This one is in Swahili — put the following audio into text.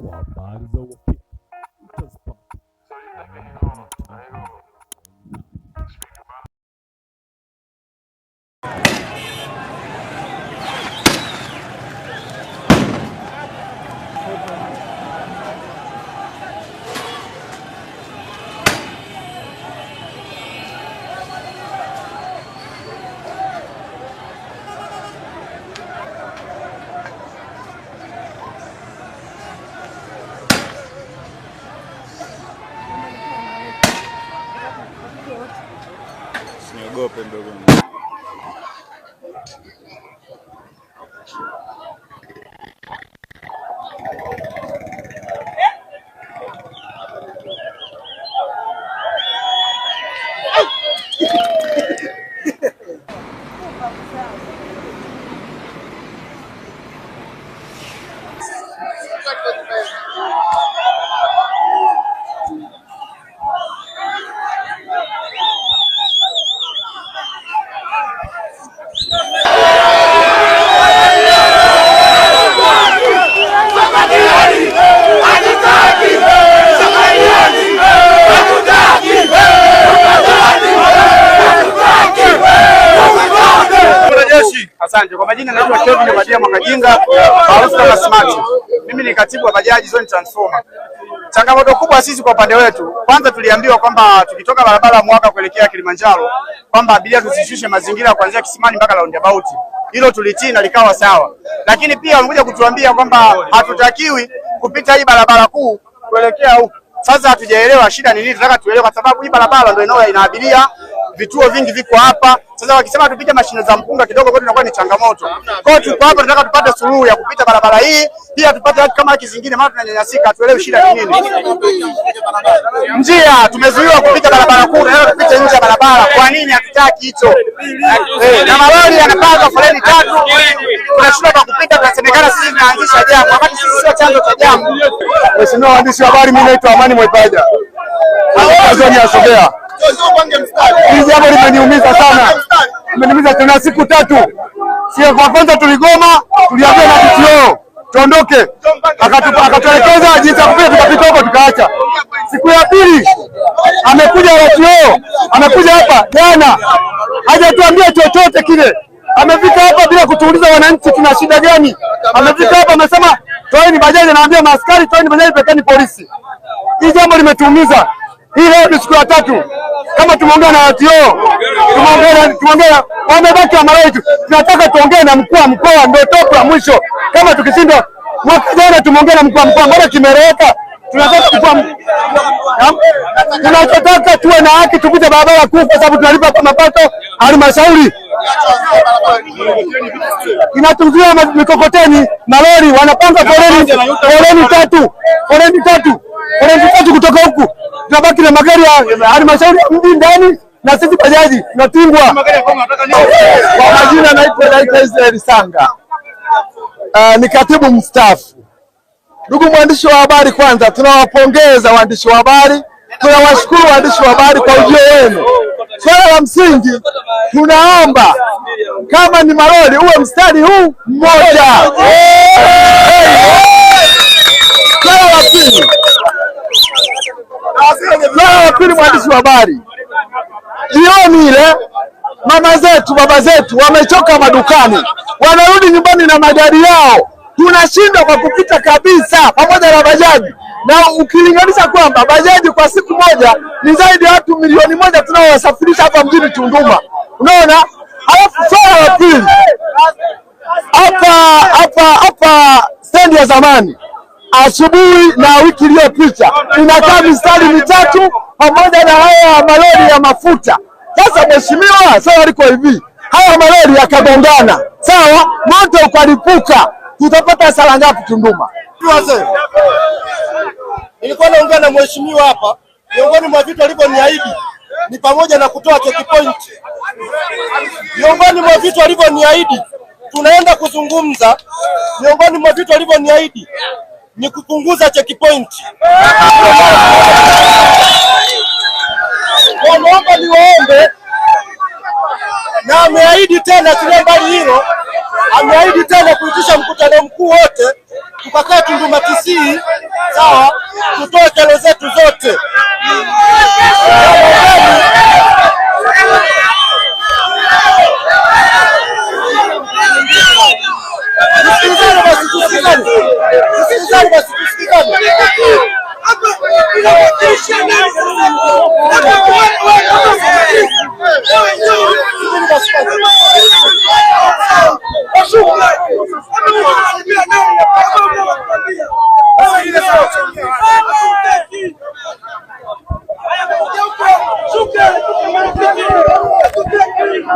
com a Pentagon. Asante. Kwa majina naitwa Kevin Badia Mwakajinga maarufu kama Smart. Mimi ni katibu wa bajaji zone transformer. Changamoto kubwa sisi kwa upande wetu, kwanza tuliambiwa kwamba tukitoka barabara Mwaka kuelekea Kilimanjaro kwamba abiria tusishushe mazingira kuanzia Kisimani mpaka roundabout. Hilo tulitii na likawa sawa, lakini pia wamekuja kutuambia kwamba hatutakiwi kupita hii barabara kuu kuelekea huko. Sasa hatujaelewa shida ni nini, tunataka tuelewe, kwa sababu hii barabara ndio inayo ina abiria vituo vingi viko hapa. Sasa wakisema tupite mashine za mpunga kidogo, kwetu inakuwa ni changamoto. Kwa hiyo tuko hapa, tunataka tupate suluhu ya kupita barabara hii, pia tupate haki kama haki zingine, maana tunanyanyasika, hatuelewi shida ni nini. Njia tumezuiwa kupita barabara kuu, na tupite nje ya barabara. Kwa nini hatutaki hicho? Eh, na malori yanapanga foleni tatu, tunashindwa kwa kupita, tunasemekana sisi tunaanzisha jambo, wakati sisi sio chanzo cha jambo. Mheshimiwa waandishi wa habari, mimi naitwa Amani Mwepaja, kazi ya Sogea hii jambo limeniumiza sana, limeniumiza tena. Siku tatu sio kwa kwanza, tuligoma tuliambia na kitio tuondoke, akatuelekeza jinsi ya kupiga tukapita huko tukaacha. Siku ya pili amekuja kitio, amekuja hapa jana, hajatuambia chochote kile. Amefika hapa bila kutuuliza wananchi tuna shida gani. Amefika hapa amesema toeni bajaji, anaambia maaskari toeni bajaji, pekeni polisi. Hii jambo limetuumiza. Hii leo ni siku ya tatu kama tumeongea na WTO, tumeongea tumeongea, wamebaki wa Malawi tu. Tunataka tuongee na mkuu wa mkoa, ndio topu la mwisho. Kama tukishindwa, mwaka jana tumeongea na mkuu wa mkoa, mbona kimereweka? Tunachotaka tuwe na haki, tupite barabara kuu, kwa sababu tunalipa kwa mapato halmashauri. Inatuzuia mikokoteni, malori wanapanga foleni, foleni tatu, foleni tatu, foleni tatu kutoka huku tunabaki na magari ya halmashauri ya mji ndani na sisi bajaji tunatingwa. Kwa majina naitwa Israel Sanga, eh, ni katibu mstaafu. Ndugu mwandishi wa habari, kwanza tunawapongeza waandishi wa habari, tunawashukuru waandishi wa habari kwa ujio wenu. Swala la msingi tunaomba kama ni maroli uwe mstari huu mmoja. Swala la pili Wilaya ya Pili, mwandishi wa habari, jioni ile mama zetu baba zetu wamechoka madukani, wanarudi nyumbani na magari yao, tunashindwa kwa kupita kabisa, pamoja na bajaji na ukilinganisha kwamba bajaji kwa siku moja ni zaidi ya watu milioni moja tunaowasafirisha hapa mjini Tunduma, unaona. Alafu swala la pili hapa hapa hapa stendi ya zamani asubuhi na wiki iliyopita, inakaa mistari mitatu pamoja na haya malori ya mafuta. Sasa mheshimiwa, sawa liko hivi, haya malori yakagongana, sawa, moto ukalipuka, tutapata hasara ngapi Tunduma? Nilikuwa naongea na mheshimiwa hapa, miongoni mwa vitu alivyoniahidi ni pamoja na kutoa keki point. Miongoni mwa vitu alivyoniahidi tunaenda kuzungumza, miongoni mwa vitu alivyoniahidi ni kupunguza checkpoint. Wanaomba niwaombe, na ameahidi tena, tulia mbali hilo, ameahidi tena kuitisha mkutano mkuu wote tukakaa Tunduma Kisii, sawa, tutoe kero zetu zote.